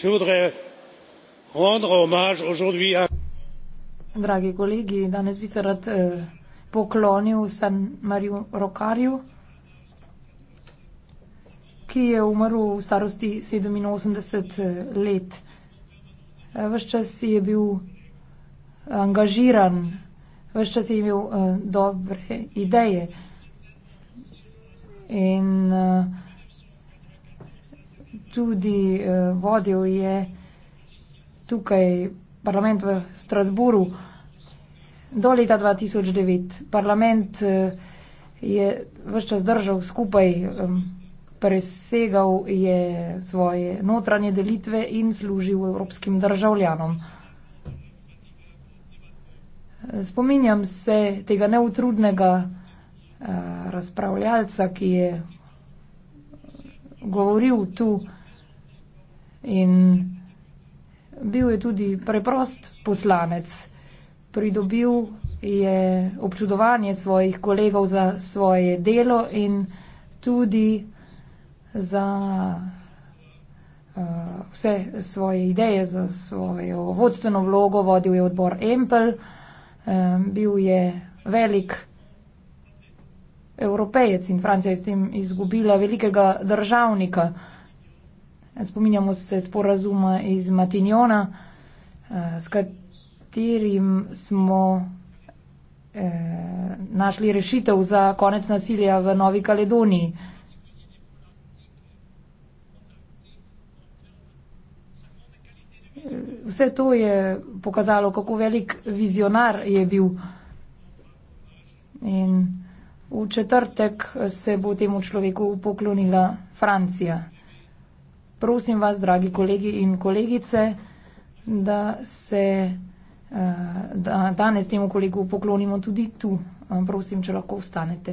je voudrais rendre hommage aujourd'hui à Dragi kolegi, danes bi se rad eh, poklonil San Mariju Rokarju, ki je umrl v starosti 87 eh, let. Eh, ves čas je bil angažiran, ves čas je imel dobre ideje. In tudi eh, vodil je tukaj parlament v Strasburu do leta 2009. Parlament eh, je vse čas držal skupaj, presegal je svoje notranje delitve in služil evropskim državljanom. Spominjam se tega neutrudnega eh, razpravljalca, ki je govoril tu In bil je tudi preprost poslanec. Pridobil je občudovanje svojih kolegov za svoje delo in tudi za uh, vse svoje ideje, za svojo vodstveno vlogo. Vodil je odbor Empel, um, bil je velik evropejec in Francija je s tem izgubila velikega državnika. Spominjamo se sporazuma iz Matinjona, eh, s katerim smo eh, našli rešitev za konec nasilja v Novi Kaledoniji. Eh, vse to je pokazalo, kako velik vizionar je bil. In v četrtek se bo temu človeku poklonila Francija prosim vas, dragi kolegi in kolegice, da se eh, da danes temu kolegu poklonimo tudi tu. Prosim, če lahko vstanete.